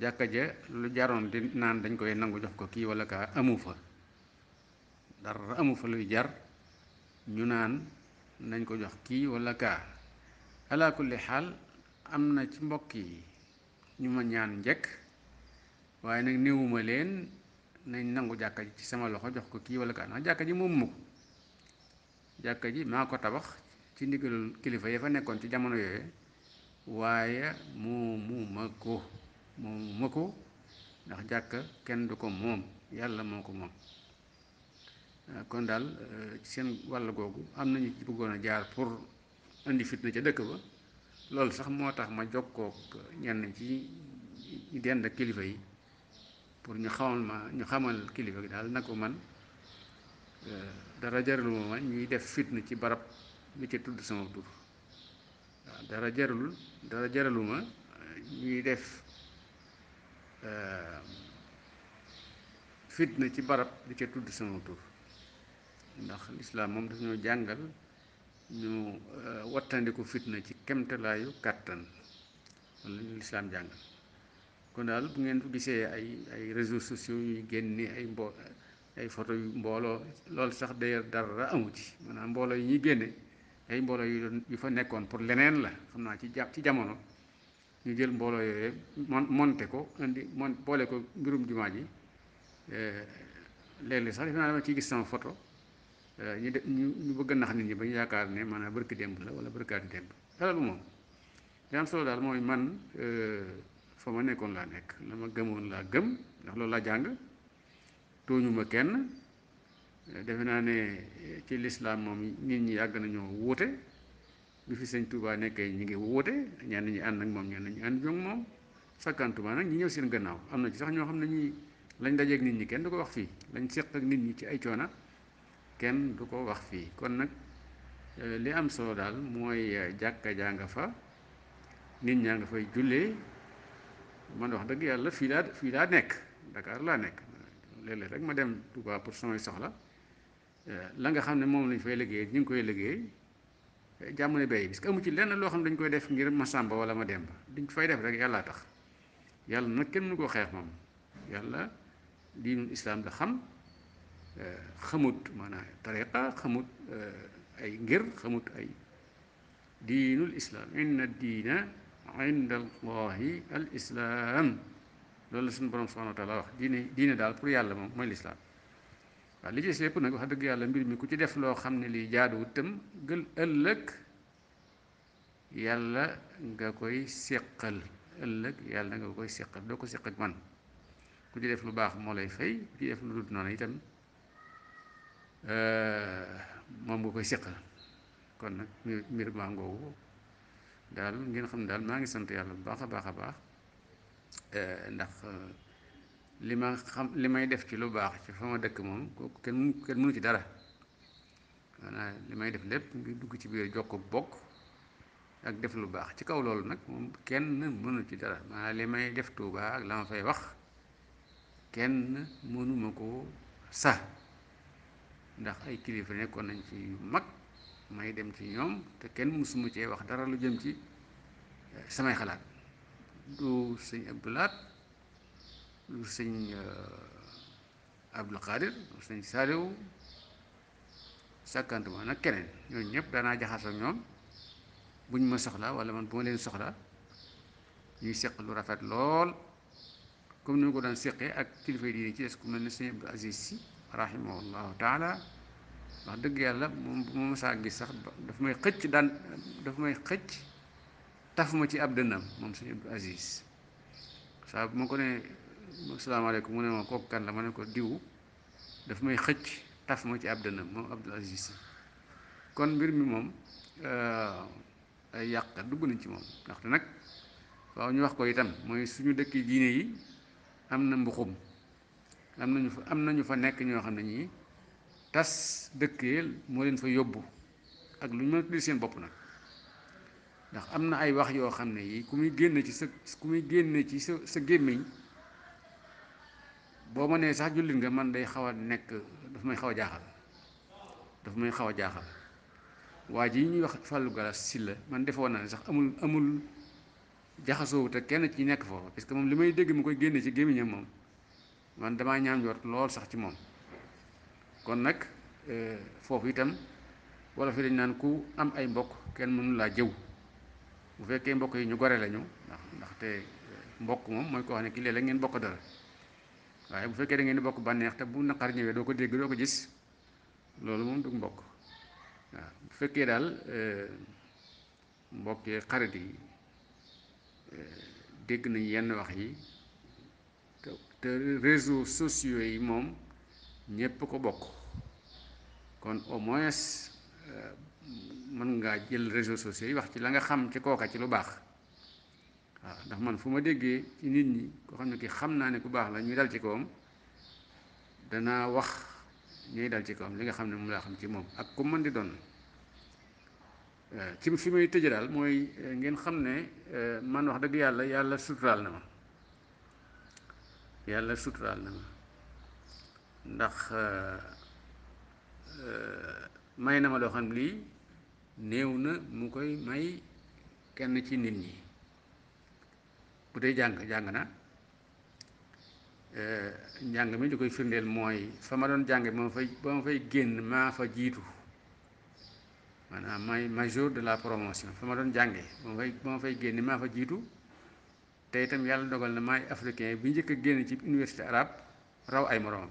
jàkka ja lu jaroon di naan dañ koy nangu jox ko kii wala kaa amu fa dara amu fa luy jar ñu naan nañ ko jox kii wala kaa ala xaal am na ci mbokk yi ñu ma ñaan njëkk waaye nag néewuma leen nañ nangu jàkka ji ci sama loxo jox ko kii wala kaa ndax jàkka ji moom mu ko jàkka ji maa ko tabax ci ndigalul kilifa ya fa nekkoon ci jamono yooyu waaye moomuma ko moomu ma ko ndax jàkka kenn du ko moom yàlla moo ko moom euh, kon daal euh, ci seen wàll googu am nañu ci bëggoon a jaar pour indi fitna ca dëkk ba loolu sax moo tax ma jokkook ñenn ci ñu dend ak kilifa yi pour ñu xamal ma ñu xamal kilifa gi daal na ko man euh, dara jarul ma ñuy def fitna ci barab bi ci tudd sama tur waaw dara jarul ñuy def Ehm, fitna ci barab di ca tudd sama tur ndax lislaam moom daf ñoo jàngal ñu ehm, wattandiku fitna ci kemtalaayu kàttan wala lislaam jàngal kon daal bu ngeen gisee ay ay réseaux sociaux yuy génne ay mbo ay photo yu mbooloo loolu sax d'ailleurs dara amu ci maanaam mbooloo yi ñuy génne ay mbooloo yu yu fa nekkoon pour leneen la xam naa ci jàpp ci jamono ñu jël mbooloo yooyu mon monte ko indi mon boole ko mbirum jumaa ji eh, léeg-léeg sax defe naa dama ciy gis sama photo eh, ñu de ñu bëgg a nax nit ñi ba ñu yaakaar ne maanaam barki démb la wala barkaati démb dara lu moom li am solo daal mooy man eh, fa ma nekkoon laa nekk la ma gëmoon laa gëm ndax loolu laa jàng tooñu kenn defe naa ne ci lislaam moom nit ñi yàgg nañoo wuute bi fi sëñ Touba nekkee ñu ngi woote ñenn ñi ànd ak moom ñenn ñi ànd ak moom sakkantuma nag ñi ñëw seen gannaaw am na ci sax ñoo xam ne ñii lañ dajeeg nit ñi kenn du ko wax fii lañ seq ak nit ñi ci ay coona kenn du ko wax fii kon nag euh, li am solo daal mooy euh, jàkka jaa nga fa nit ñaa nga fay jullee man wax dëgg yàlla fii laa fii laa nekk Dakar laa nekk léeg-léeg rek ma dem Touba pour samay soxla euh, la nga xam ne moom lañ fay liggéey ñu ngi koy liggéey. jàmmale bay bis amu ci lenn loo xam dañ koy def ngir ma sàmba wala ma dem demba duñ fay def rek yàllaa tax yàlla nag kenn mënu ko xeex moom yàlla diinul islaam la xam euh, xamut maanaam tariqa xamut euh, ay ngir xamut ay diinul islaam inna diina inda allahi al islaam loolu la suñu borom subhanahu taala wax diine diine daal pour yàlla moom mooy lislaam waaw li ci lépp nag wax dëgg yàlla mbir mi ku ci def loo xam ne lii jaaduwut tam gël ëllëg yàlla nga koy séqal ëllëg yàlla nga koy séqal doo ko séq ak man ku ci def lu baax moo lay fay ku ci def lu dul noonu itam euh, moom nga koy séqal kon nag mbir maa ngoogu daal ngeen xam ne daal maa ngi sant yàlla bu baax a baax a baax euh, ndax euh, li ma xam li may def ci lu baax ci fa ma dëkk moom kooku kenn kenn mënu ci dara maanaam li may def lépp ngi dugg ci biir jokk bokk ak def lu baax ci kaw loolu nag moom kenn mënu ci dara maanaam li may def Tuubaa ak la ma fay wax kenn mënuma ko sax ndax ay kilifa nekkoon nañ ci yu mag may dem ci ñoom te kenn mësuma cee wax dara lu jëm ci eh, samay xalaat du sëñ Abdou Lahat sëñ euh, Abdul Qadir sëñ Saaliw sàkkantuma nag keneen ñooñu ñëpp daanaa jaxas ak ñoom buñ ma soxla wala man bu ma leen soxla ñuy seq lu rafet lool comme ni ma ko daan seqee ak kilifa yi diine ci des ku mel ni sëñ Abdul Aziz taala wax dëgg yàlla moom bu ma saa gis sax dafa may xëcc daan dafa may xëcc taf ma ci ab dënnam moom sëñ Abdul Aziz saa bu ma ko ne asalaamaaleykum mu ne ma kooku kan la ma ne ko diw daf may xëcc taf ma ci ab dënam moom Abdul Aziz kon mbir mi moom euh, ay yàq dugg nañ ci moom ndaxte nag waaw ñu wax ko itam mooy suñu dëkk diine yi am na mbuxum am nañu fa am na ñu fa nekk ñoo xam ne ñii tas dëkk moo leen fa yóbbu ak lu ñu mën a seen bopp nag ndax am na ay wax yoo xam ne yi ku muy génn ci sa ku muy génn ci sa sa gémmiñ boo ma nee sax jullit nga man day xaw a nekk dafa may xaw a jaaxal dafa may xaw a jaaxal waa ji ñuy wax Fallou si la man defoon naa ne sax amul amul jaxasoowu te kenn ci nekk foofu parce que moom li may dégg mu koy génne ci gémmiñam moom man damaa ñaam jot lool sax ci moom kon nag euh, foofu itam wala fi dañ naan ku am ay mbokk kenn mënu laa jëw bu fekkee mbokk yi ñu gore lañu ndax ndaxte euh, mbokk moom mooy ko wax ne ki léeg ngeen bokk dara waaye bu fekkee da ngeen di bokk bànneex te bu naqar ñëwee doo ko dégg doo ko gis loolu moom du mbokk waaw bu fekkee daal eh, mbokki xarit yi eh, dégg nañ yenn wax yi te te réseaux sociaux yi moom ñépp ko bokk kon au moins eh, mën ngaa jël réseaux sociaux yi wax ci la nga xam ci kooka ci lu baax waaw ndax man fu ma déggee ci nit ñi koo xam ne ki xam naa ne ku baax la ñuy dal ci kawam danaa wax ñuy dal ci kawam li nga xam ne moom laa xam ci moom ak ku mën di doon euh, ci fi daal mooy euh, ngeen xam ne euh, man wax dëgg yàlla yàlla suturaal na ma yàlla suturaal na ma ndax may na ma loo xam lii néew na mu koy may kenn ci nit ñi bu dee jàng jàng na eh, njàng mi li koy firndeel mooy fa ma doon jàng ba ma fay ba ma fay génn maa fa jiitu maanaam may major de la promotion fa ma doon jàngee ba ma fay ba ma maa fa jiitu te itam yàlla dogal na maay africain bi njëkk génn ci université arabe raw ay moroom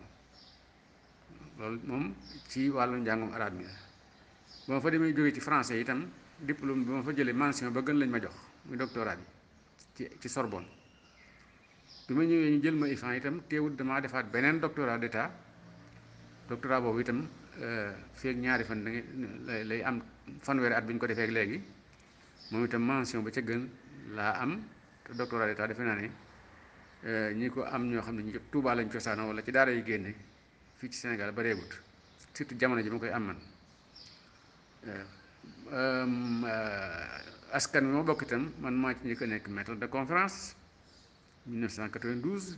loolu moom ci wàllu njàngum arabe mi la ba ma fa demee jógee ci français itam diplôme bi ma fa jëlee mansion ba gën lañ ma jox muy doctorat yi ci ci Sorbonne bi ma ñëwee ñu jël ma IFAN itam teewul damaa defaat beneen doctorat d'état doctorat boobu itam euh, feeg ñaari fan da ngay lay am fanweeri at bi ñu ko defee ak léegi moom itam mention ba ca gën laa am te doctorat d'état defe naa ne euh, ñi ko am ñoo xam ne ñu Tuubaa lañ cosaanoo wala ci daara yi génne fii ci Sénégal bareegut surtout jamono ji ma koy am man euh, askan bi ma bokk itam man maa ci njëkk a nekk maître de conférence 1992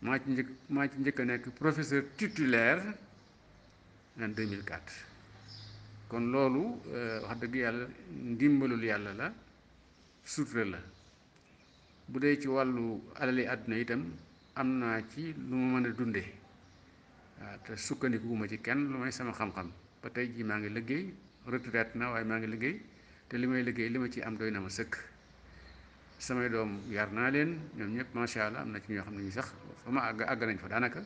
maa ci njëkk maa ci njëkk a nekk professeur titulaire en 2004 kon loolu euh, wax dëgg yàlla ndimbalul yàlla la sutura la bu dee ci wàllu alali àdduna itam am naa ci lu ma mën a dunde waaw ah, te sukkandikuwuma ci kenn lu may sama xam-xam ba jii maa ngi liggéey retraite na waaye maa ngi liggéey te li may liggéey li ma ci am doy na ma sëkk samay doom yar naa leen ñoom ñëpp macha allah am na ci ñoo xam ne ñu sax fa ma àgg àgg nañ fa daanaka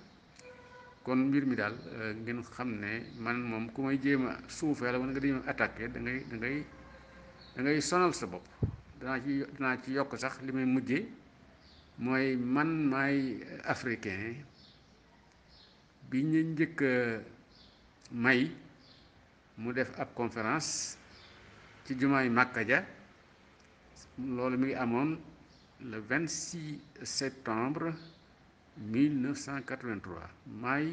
kon mbir mi daal euh, ngeen xam ne man moom ku may jéem a suufee la wala nga di ma attaqué da ngay da ngay da sonal sa bopp danaa ci danaa ci yokk sax li may mujjee mooy man maay africain bi ñu njëkk may mu def ab conférence ci jumaay makka ja loolu mi ngi amoon le 26 septembre 1983 may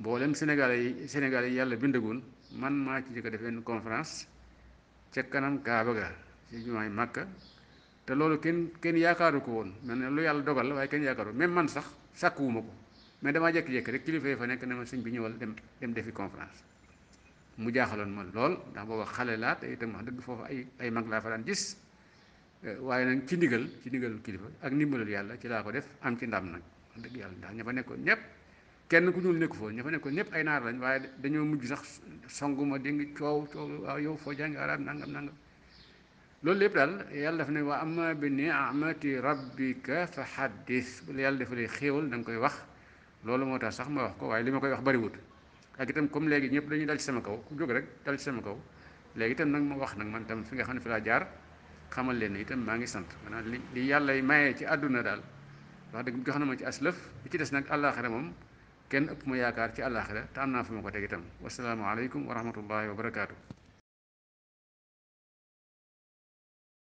mboolem sénégalais sénégalais yi yàlla bindagoon man maa ci jëkk def benn conférence ca kanam kaaba ga ci jumaay makka te loolu kenn kenn yaakaaru ko woon mel lu yàlla dogal la waaye kenn yaakaaru même man sax sàkkuwuma ko mais dama jékki-jékki rek kilifa yi fa nekk ne ma sëñ bi ñëwal dem dem defi conférence mu jaaxaloon ma lool ndax booba xale laa te itam wax dëgg foofu ay ay mag laa fa daan gis eh, waaye nag ci ndigal ci ndigal kilifa ak ndimbalul yàlla ci laa ko def am ci ndam nag wax dëgg yàlla ndax ña fa nekkoon ñëpp kenn ku ñuul nekku foofu ña fa nekkoon ñëpp ay naar lañ waaye dañoo mujj sax songuma dégg coow coow waaw yow foo jàngi arab nangam nangam loolu lépp daal yàlla daf ne waa amma bi ni'mati rabbika fa xaddis yàlla dafa lay xéewal da nga koy wax loolu moo tax sax ma wax ko waaye li ma koy wax bariwut ak itam comme léegi ñëpp dañuy dal ci sama kaw ku jóg rek dal ci sama kaw léegi itam nag ma wax nag man itam fi nga xam ne fi laa jaar xamal leen itam maa ngi sant man maanaam li li yàlla maye ci àdduna daal wax dëgg jox na ma ci aslëf li ci des nag àllaaxira moom kenn ëpp ma yaakaar ci àllaaxira te am naa fu ma ko teg itam wasalaamualeykum wa rahmatullahi wa barakaatu.